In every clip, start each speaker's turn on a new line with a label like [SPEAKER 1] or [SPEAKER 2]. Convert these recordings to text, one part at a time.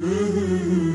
[SPEAKER 1] Mm-hmm.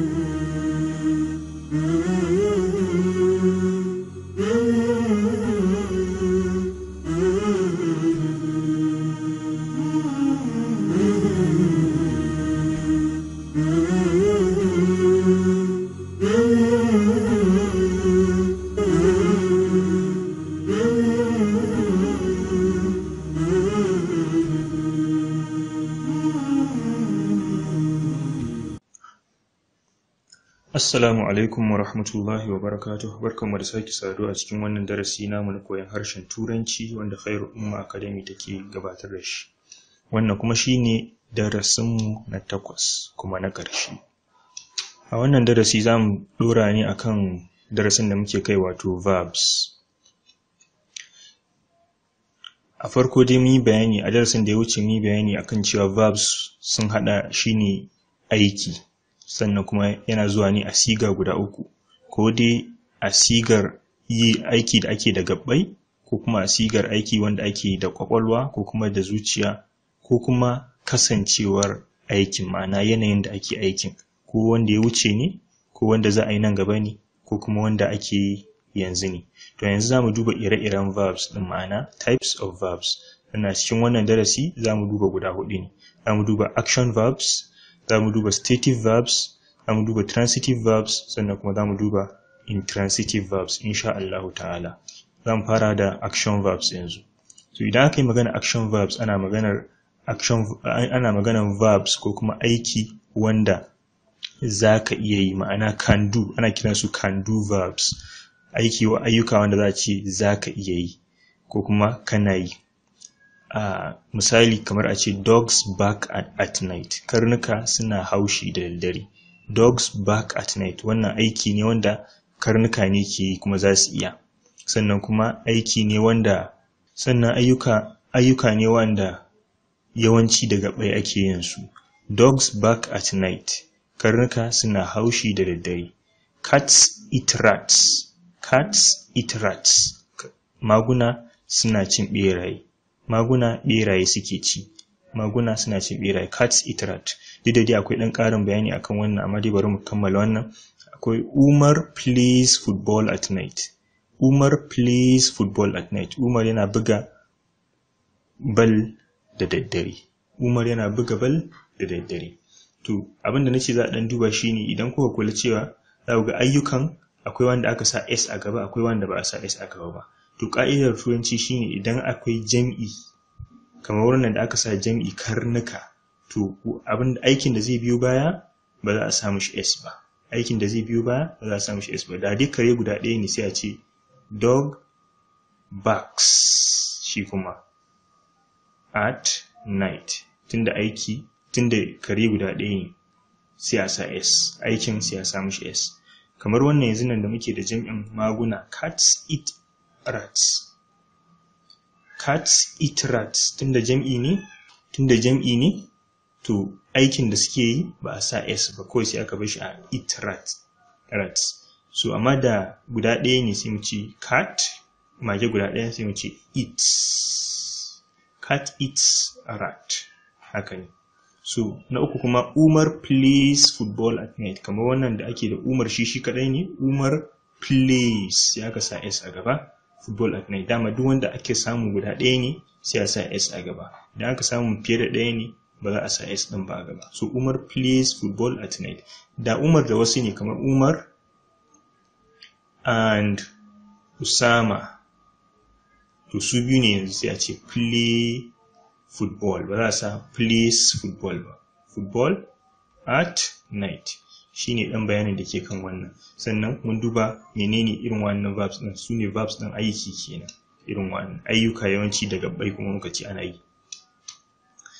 [SPEAKER 1] Assalamu alaikum wa rahmatullahi wa barakatuh barkanmu da sake saduwa a cikin wannan darasi namu na koyon harshen turanci wanda Khairu Umma Academy take gabatar da shi wannan kuma shine darasinmu na takwas kuma na ƙarshe a wannan darasi za mu ɗora ne akan darasin da muke kai wato verbs a farko dai mun bayani a darasin da ya wuce mun bayani akan cewa verbs sun haɗa shine aiki sannan kuma yana zuwa ne a siga guda uku ko dai a sigar yi aiki da ake da gabbai ko kuma a sigar aiki wanda ake da kwakwalwa ko kuma da zuciya ko kuma kasancewar aikin ma'ana yanayin da ake aikin ko wanda ya wuce ne ko wanda za a yi nan gaba ne ko kuma wanda ake yanzu ne to yanzu za mu duba ire-iren verbs ɗin ma'ana types of verbs ana cikin wannan darasi za mu duba guda hudu ne za mu duba action verbs za mu duba stative verbs za mu duba transitive verbs sannan kuma za mu duba intransitive verbs insha Allahu ta'ala za mu fara da action verbs yanzu so idan aka yi magana action verbs ana maganar action ana maganar verbs ko kuma aiki wanda za ka iya yi ma'ana can do ana su can do verbs aiki wa ayyuka wanda za a ce za ka iya yi ko kuma kana yi a misali kamar a ce dogs bark at, night karnuka suna haushi da daddare dogs bark at night wannan aiki ne wanda karnuka ne ke yi kuma za su iya sannan kuma aiki ne wanda sannan ayyuka ne wanda yawanci daga bai ake yin su dogs bark at night karnuka suna haushi da daddare cats eat rats cats eat rats maguna suna cin beraye maguna ɓeraye suke ci maguna suna cin ɓeraye cats eat rat duk da dai akwai ɗan ƙarin bayani akan wannan amma dai bari mu kammala wannan akwai Umar plays football at night Umar plays football at night Umar yana buga bal da daddare Umar yana buga bal da daddare to abinda nace za a dan duba shine idan kuka kula cewa za ku ga ayyukan akwai wanda aka sa S a gaba akwai wanda ba a sa S a gaba ba to ƙa'idar turanci shine idan akwai jam'i kamar wannan da aka sa jam'i karnuka to abin aikin da zai biyo baya ba za a sa mishi s ba aikin da zai biyo baya ba za a sa mishi s ba da dai kare guda ɗaya ne sai a ce dog barks shi kuma at night tunda aiki tunda kare guda ɗaya ne sai a sa s aikin sai a sa mishi s kamar wannan yanzu nan da muke da jam'in maguna cats eat rats cats eat rats tunda jam'i ne tunda jam'i ne to aikin da suke yi ba a sa s ba kawai sai aka bar shi a eat rats rats so amma da guda ɗaya ne sai mu ce cat mage guda ɗaya sai mu ce eats cat eats a rat haka ne so na uku kuma umar plays football at night kamar wannan da ake da umar shi shi kaɗai ne umar plays ya ka sa s a gaba football at night dama duk wanda ake samu guda ɗaya ne sai a sa s a gaba idan aka samu fiye da ɗaya ne ba za a sa s ɗin ba a gaba so umar plays football at night da umar da wasu ne kamar umar and usama to su biyu ne yanzu sai a ce play football ba za a sa plays football ba football at night shine dan bayanin da ke kan wannan sannan mun duba menene irin wannan verbs din ne verbs din aiki kenan irin wannan ayyuka yawanci daga bai kuma muka ce ana yi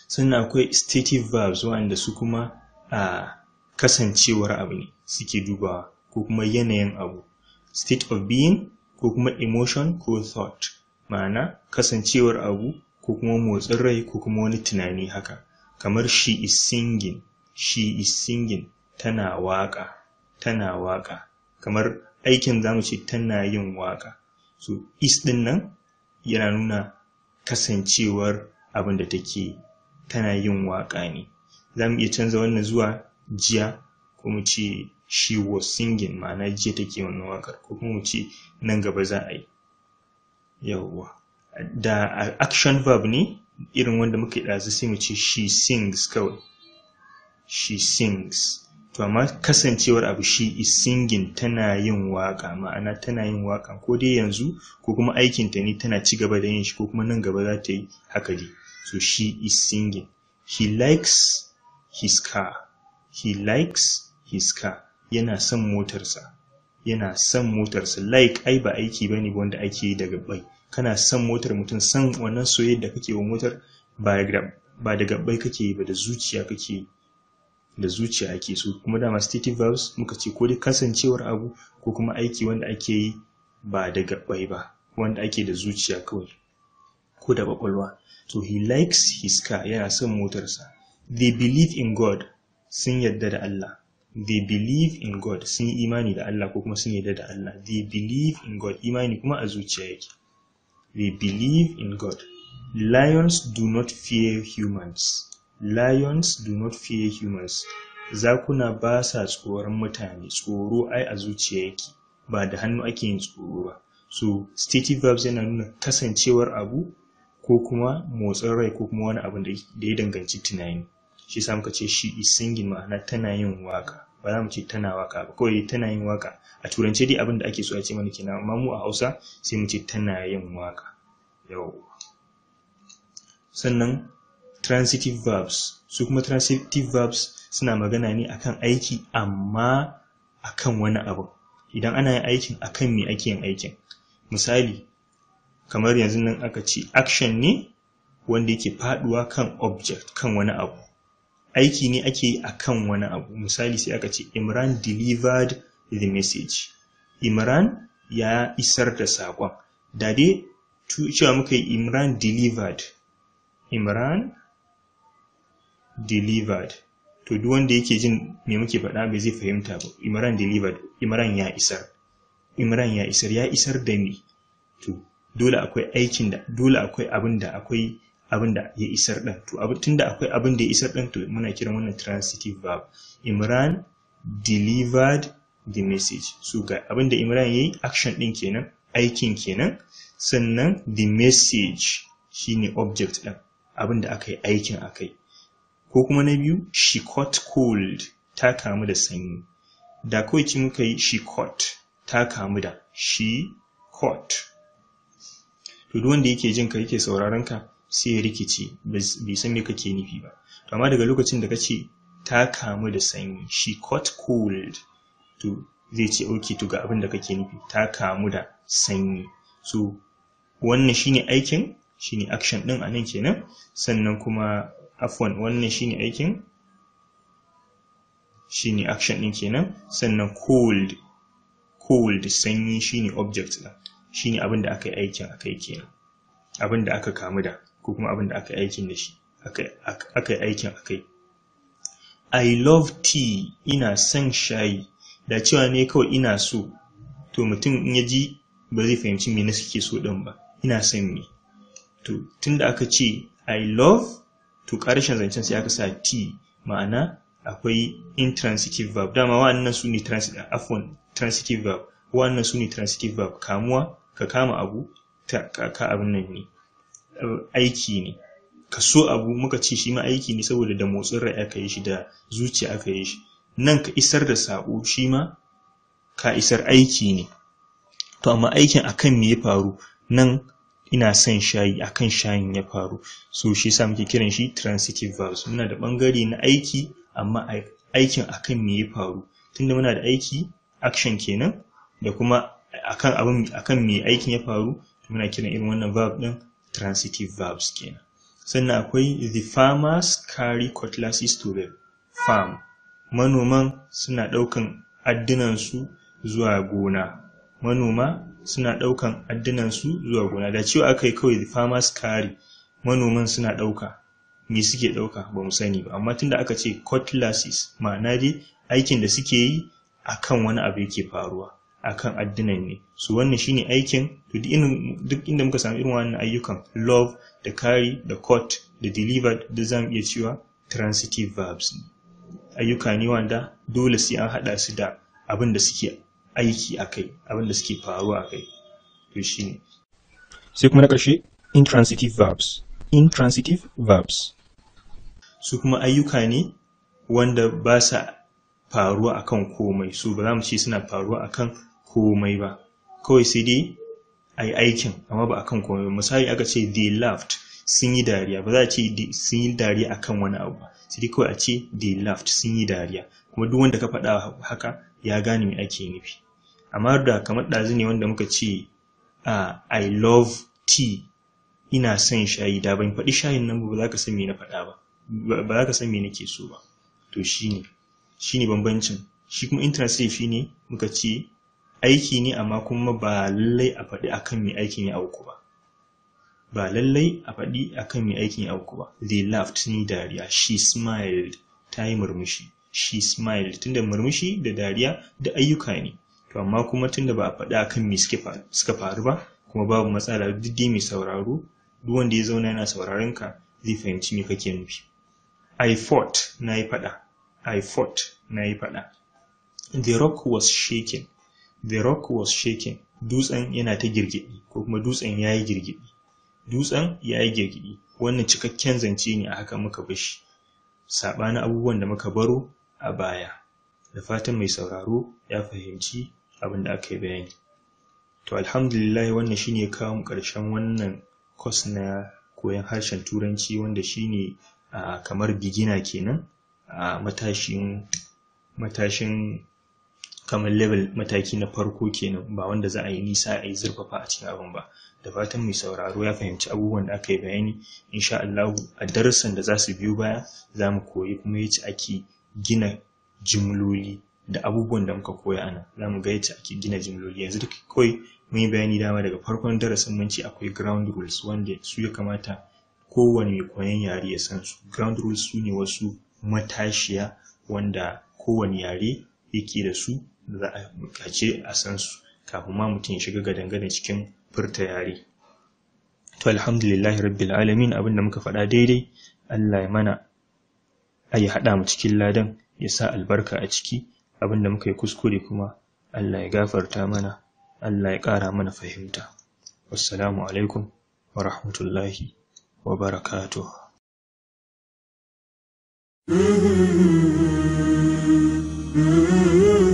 [SPEAKER 1] sannan akwai stative verbs wanda su kuma a kasancewar abu ne suke dubawa ko kuma yanayin abu state of being ko kuma emotion ko thought ma'ana kasancewar abu ko kuma motsin rai ko kuma wani tunani haka kamar she is singing she is singing tana waƙa tana waƙa kamar aikin zamu ce tana yin waƙa so is ɗin nan yana nuna kasancewar abin da take tana yin waƙa ne za mu iya canza wannan zuwa jiya ko mu ce she was singing ma'ana jiya take wannan waƙar ko kuma mu ce nan gaba za a yi yawwa da action verb ne irin wanda muka yi ɗazu sai mu ce she sings kawai she sings to amma kasancewar abu shi is singing tana yin waka ma'ana tana yin waka ko dai yanzu ko kuma aikin ne tana ci gaba da yin shi ko kuma nan gaba za ta yi haka dai so she is singing he likes his car he likes his car yana son motarsa yana son motarsa like ai ba aiki bane wanda ake yi daga bai kana son motar mutum san wannan soyayya da kake wa motar ba daga bai kake yi ba da zuciya kake yi da zuciya ake so kuma dama stative verbs muka ce ko dai kasancewar abu ko kuma aiki wanda ake yi ba da gabbai ba wanda ake da zuciya kawai ko da kwakwalwa so he likes his car yana son motarsa they believe in god sun yadda da Allah they believe in god sun yi imani da Allah ko kuma sun yadda da Allah they believe in god imani kuma a zuciya yake they believe in god lions do not fear humans Lions do not fear humans. Zakuna ba sa tsoron mutane, tsoro ai a zuciya yake, ba da hannu ake yin tsoro ba. So, stative verbs yana nuna kasancewar abu ko kuma motsin rai ko kuma wani abun da ya danganci tunani. Shi sa muka ce she is singing ma'ana tana yin waka. Ba za mu ce tana waka ba, kawai tana yin waka. A turance dai abin da ake so a ce mana kenan, amma mu a Hausa sai mu ce tana yin waka. yau. Sannan transitive verbs su kuma transitive verbs suna magana ne akan aiki amma akan wani abu idan ana yin aikin akan me ake yin aikin misali kamar yanzu nan aka ce action ne wanda yake faduwa kan object kan wani abu aiki ne ake yi akan wani abu misali sai aka ce imran delivered the message imran ya isar da saƙon da dai cewa muka yi imran delivered imran delivered to duk wanda yake jin me muke faɗa bai zai fahimta ba imran delivered imran ya isar imran ya isar ya isar da ni to dole akwai aikin da dole akwai abin da akwai abin da ya isar ɗin to abin da akwai abin da ya isar ɗin to muna kiran wannan transitive verb imran delivered the message so ga abin da imran yayi action ɗin kenan aikin kenan sannan the message shine object ɗin abin da aka yi aikin akai ko kuma na biyu she caught cold ta kamu da sanyi da kawai ci muka yi she caught ta kamu da she caught to duk wanda yake jin ka yake sauraron ka sai ya rikice bai san me kake nufi ba to amma daga lokacin da kace ta kamu da sanyi she caught cold to zai ce okay to ga abin da kake nufi ta kamu da sanyi so wannan shine aikin shine action din anan kenan sannan kuma afwan wannan shine aikin shine action din kenan sannan cold cold sanyi shine object din shine abin da aka yi aikin aka yi kenan abin da aka kamu da ko kuma abin da aka yi aikin da shi aka yi aikin aka yi I love tea ina son shayi da cewa ne kawai ina so to mutum in ya ji ba zai fahimci me na suke so din ba ina son me to tunda aka ce I love to ƙarshen zancen sai aka sa t ma'ana akwai intransitive verb dama wa'annan su ne afon transitive verb wa'annan su ne transitive verb kamuwa ka kama abu ta ka abin nan ne aiki ne ka so abu muka ce shi ma aiki ne saboda da motsin rai aka yi shi da zuciya aka yi shi nan ka isar da saƙo shi ma ka isar aiki ne to amma aikin akan me ya faru nan ina son shayi akan shayin ya faru so shi yasa muke kiran shi transitive verbs muna da ɓangare na aiki amma aikin akan me ya faru tunda muna da aiki action kenan da kuma akan abin akan me aikin ya faru muna kiran irin wannan verb ɗin transitive verbs kenan sannan akwai the farmers carry cutlasses to the farm manoman suna ɗaukan addinansu zuwa gona manoma suna ɗaukan su zuwa gona da cewa aka yi kawai farmers carry manoman suna ɗauka me suke ɗauka ba mu sani ba amma tunda aka ce cutlasses ma'ana dai aikin da suke yi akan wani abu yake faruwa akan addinan ne su wannan shine aikin duk inda muka samu irin wannan ayyukan love da carry da cut da delivered da zan iya cewa transitive verbs ayyuka ne wanda dole sai an haɗa su da abin da suke aiki a kai abin da suke faruwa a kai to shi ne sai kuma na ƙarshe intransitive verbs intransitive verbs su kuma ayyuka ne wanda ba sa faruwa akan komai su ba za mu ce suna faruwa akan komai ba kawai sai dai a yi aikin amma ba akan komai ba misali aka ce they laughed sun yi dariya ba za a ce sun yi dariya akan wani abu ba sai dai kawai a ce they laughed sun yi dariya kuma duk wanda ka faɗa haka ya gane me ake nufi amma da kamar ɗazu ne wanda muka ce uh, I love tea ina son shayi da ban faɗi shayin nan ba za ka san me na faɗa ba ba za ka san me nake so ba to shine shine bambancin shi kuma internship shi ne muka ce aiki ne amma kuma ba lallai a faɗi akan me aikin ya auku ba ba lallai a faɗi akan me aikin ya auku ba they laughed ni dariya she smiled ta yi murmushi she smiled tunda murmushi da dariya da ayyuka ne to amma kuma tunda ba a faɗi akan me suka faru ba kuma babu matsala duk mai sauraro duk wanda ya zauna yana sauraron ka zai fahimci me kake nufi I fought na yi faɗa I fought na yi faɗa The rock was shaking The rock was shaking dutsen yana ta girgiɗi ko kuma dutsen ya yi girgidi dutsen ya yi girgidi wannan cikakken zance ne a haka muka bashi saɓanin abubuwan da muka baro a baya da fatan mai sauraro ya fahimci abin da aka yi bayani to alhamdulillah wannan shine ya kawo mu ƙarshen wannan kwas na koyon harshen turanci wanda shine a kamar beginner kenan a matashin matashin kamar level mataki na farko kenan ba wanda za a yi nisa a yi zurfafa a cikin abin ba da fatan mai sauraro ya fahimci abubuwan da aka yi bayani insha Allahu a darussan da za su biyo baya za mu koyi kuma yace ake gina jimloli da abubuwan da muka koya ana za mu ga yadda ake gina jimloli yanzu duk kawai mun yi bayani dama daga farkon darasin mun ce akwai ground rules wanda su ya kamata kowane mai koyon yare ya san su ground rules su ne wasu matashiya wanda kowane yare yake da su da za a buƙace a san su kafin ma mutum ya shiga gadangadan cikin furta yare to alhamdulillahi rabbil alamin da muka faɗa daidai Allah ya mana a ya haɗa mu cikin ladan ya sa albarka a ciki abinda muka yi kuskure kuma Allah ya gafarta mana Allah ya ƙara mana fahimta wassalamu alaikum wa rahmatullahi wa barakatuh Mm-hmm.